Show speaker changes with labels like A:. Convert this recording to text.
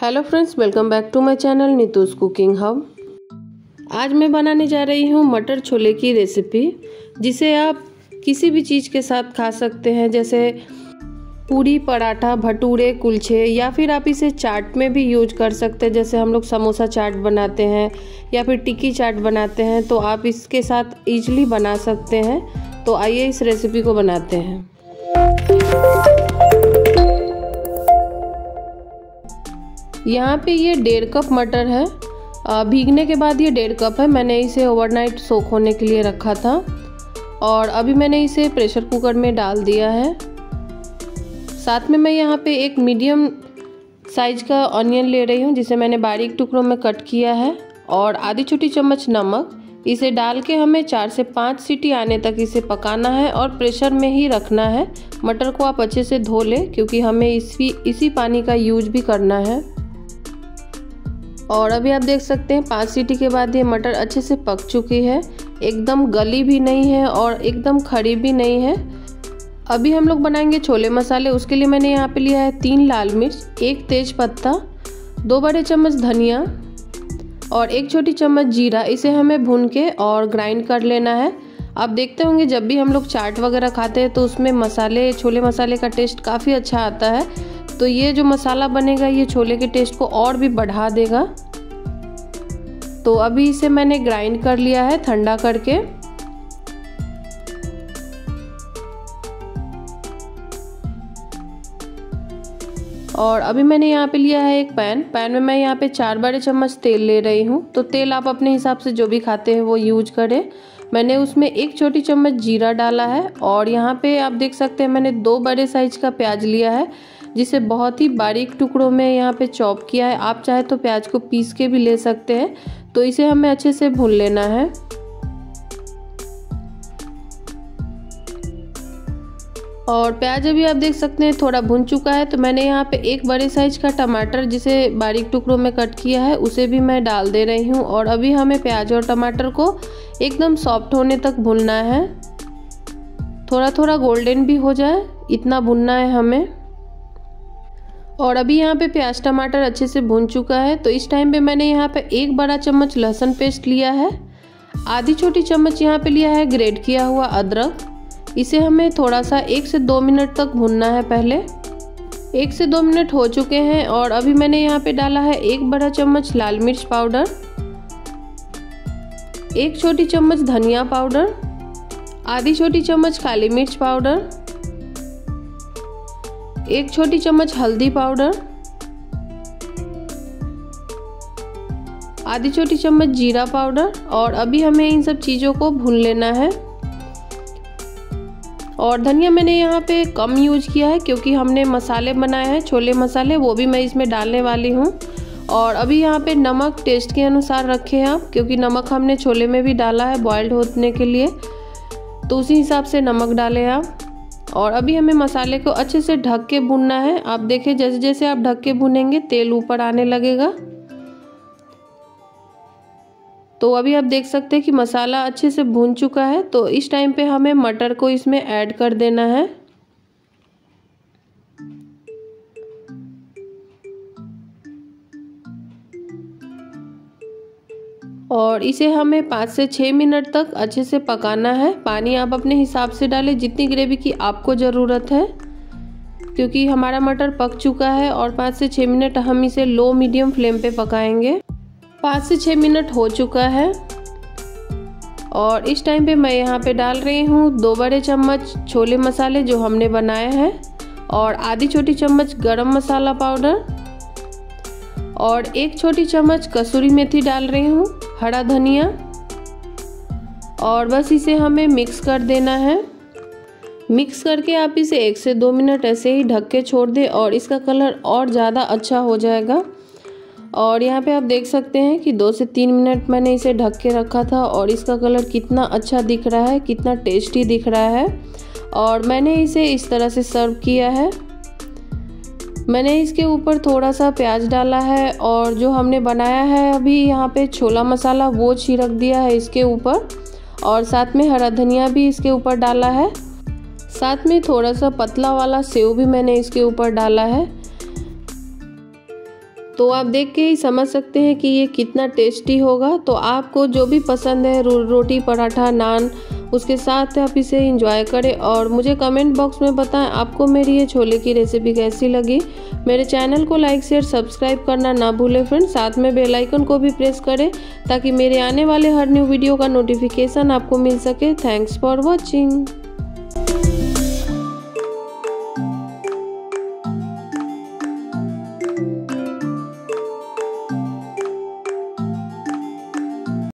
A: Hello friends welcome back to my channel Neetu's cooking hub आज मैं बनाने जा रही हूँ मटर छोले की रेसिपी जिसे आप किसी भी चीज़ के साथ खा सकते हैं जैसे पूरी पराठा भटूरे कुलछे या फिर आप इसे चाट में भी यूज कर सकते हैं जैसे हम लोग समोसा चाट बनाते हैं या फिर टिक्की चाट बनाते हैं तो आप इसके साथ ईजली बना सकते हैं तो आइए इस रेसिपी को बनाते हैं यहाँ पे ये डेढ़ कप मटर है भीगने के बाद ये डेढ़ कप है मैंने इसे ओवरनाइट सोख होने के लिए रखा था और अभी मैंने इसे प्रेशर कुकर में डाल दिया है साथ में मैं यहाँ पे एक मीडियम साइज का ऑनियन ले रही हूँ जिसे मैंने बारीक टुकड़ों में कट किया है और आधी छोटी चम्मच नमक इसे डाल के हमें चार से पाँच सीटी आने तक इसे पकाना है और प्रेशर में ही रखना है मटर को आप अच्छे से धो लें क्योंकि हमें इसी इसी पानी का यूज भी करना है और अभी आप देख सकते हैं पाँच सीटी के बाद ये मटर अच्छे से पक चुकी है एकदम गली भी नहीं है और एकदम खड़ी भी नहीं है अभी हम लोग बनाएंगे छोले मसाले उसके लिए मैंने यहाँ पे लिया है तीन लाल मिर्च एक तेज पत्ता दो बड़े चम्मच धनिया और एक छोटी चम्मच जीरा इसे हमें भून के और ग्राइंड कर लेना है आप देखते होंगे जब भी हम लोग चाट वगैरह खाते हैं तो उसमें मसाले छोले मसाले का टेस्ट काफ़ी अच्छा आता है तो ये जो मसाला बनेगा ये छोले के टेस्ट को और भी बढ़ा देगा तो अभी इसे मैंने ग्राइंड कर लिया है ठंडा करके और अभी मैंने यहाँ पे लिया है एक पैन पैन में मैं यहाँ पे चार बड़े चम्मच तेल ले रही हूँ तो तेल आप अपने हिसाब से जो भी खाते हैं वो यूज करें मैंने उसमें एक छोटी चम्मच जीरा डाला है और यहाँ पे आप देख सकते हैं मैंने दो बड़े साइज का प्याज लिया है जिसे हम्म। बहुत ही बारीक टुकड़ों में यहाँ पे चॉप किया है आप चाहे तो प्याज को पीस के भी ले सकते हैं तो इसे हमें अच्छे से भून लेना है और प्याज अभी आप देख सकते हैं थोड़ा भुन चुका है तो मैंने यहाँ पे एक बड़े साइज का टमाटर जिसे बारीक टुकड़ों में कट किया है उसे भी मैं डाल दे रही हूँ और अभी हमें प्याज और टमाटर को एकदम सॉफ्ट होने तक भुनना है थोड़ा थोड़ा गोल्डन भी हो जाए इतना भुनना है हमें और अभी यहाँ पे प्याज टमाटर अच्छे से भून चुका है तो इस टाइम पे मैंने यहाँ पे एक बड़ा चम्मच लहसुन पेस्ट लिया है आधी छोटी चम्मच यहाँ पे लिया है ग्रेट किया हुआ अदरक इसे हमें थोड़ा सा एक से दो मिनट तक भूनना है पहले एक से दो मिनट हो चुके हैं और अभी मैंने यहाँ पे डाला है एक बड़ा चम्मच लाल मिर्च पाउडर एक छोटी चम्मच धनिया पाउडर आधी छोटी चम्मच काली मिर्च पाउडर एक छोटी चम्मच हल्दी पाउडर आधी छोटी चम्मच जीरा पाउडर और अभी हमें इन सब चीज़ों को भून लेना है और धनिया मैंने यहाँ पे कम यूज किया है क्योंकि हमने मसाले बनाए हैं छोले मसाले वो भी मैं इसमें डालने वाली हूँ और अभी यहाँ पे नमक टेस्ट के अनुसार हैं आप क्योंकि नमक हमने छोले में भी डाला है बॉयल्ड होने के लिए तो उसी हिसाब से नमक डालें आप और अभी हमें मसाले को अच्छे से ढक के भुनना है आप देखें जैसे जैसे आप ढक के भुनेंगे तेल ऊपर आने लगेगा तो अभी आप देख सकते हैं कि मसाला अच्छे से भून चुका है तो इस टाइम पे हमें मटर को इसमें ऐड कर देना है और इसे हमें पाँच से छः मिनट तक अच्छे से पकाना है पानी आप अपने हिसाब से डालें जितनी ग्रेवी की आपको ज़रूरत है क्योंकि हमारा मटर पक चुका है और पाँच से छः मिनट हम इसे लो मीडियम फ्लेम पे पकाएंगे पाँच से छः मिनट हो चुका है और इस टाइम पे मैं यहाँ पे डाल रही हूँ दो बड़े चम्मच छोले मसाले जो हमने बनाए हैं और आधी छोटी चम्मच गरम मसाला पाउडर और एक छोटी चम्मच कसूरी मेथी डाल रही हूँ हरा धनिया और बस इसे हमें मिक्स कर देना है मिक्स करके आप इसे एक से दो मिनट ऐसे ही ढक के छोड़ दें और इसका कलर और ज़्यादा अच्छा हो जाएगा और यहाँ पे आप देख सकते हैं कि दो से तीन मिनट मैंने इसे ढक के रखा था और इसका कलर कितना अच्छा दिख रहा है कितना टेस्टी दिख रहा है और मैंने इसे इस तरह से सर्व किया है मैंने इसके ऊपर थोड़ा सा प्याज डाला है और जो हमने बनाया है अभी यहाँ पे छोला मसाला वो छिड़क दिया है इसके ऊपर और साथ में हरा धनिया भी इसके ऊपर डाला है साथ में थोड़ा सा पतला वाला सेव भी मैंने इसके ऊपर डाला है तो आप देख के ही समझ सकते हैं कि ये कितना टेस्टी होगा तो आपको जो भी पसंद है रो, रोटी पराठा नान उसके साथ आप इसे इंजॉय करें और मुझे कमेंट बॉक्स में बताएं आपको मेरी ये छोले की रेसिपी कैसी लगी मेरे चैनल को लाइक शेयर सब्सक्राइब करना ना भूलें फ्रेंड साथ में बेल आइकन को भी प्रेस करें ताकि मेरे आने वाले हर न्यू वीडियो का नोटिफिकेशन आपको मिल सके थैंक्स फॉर वॉचिंग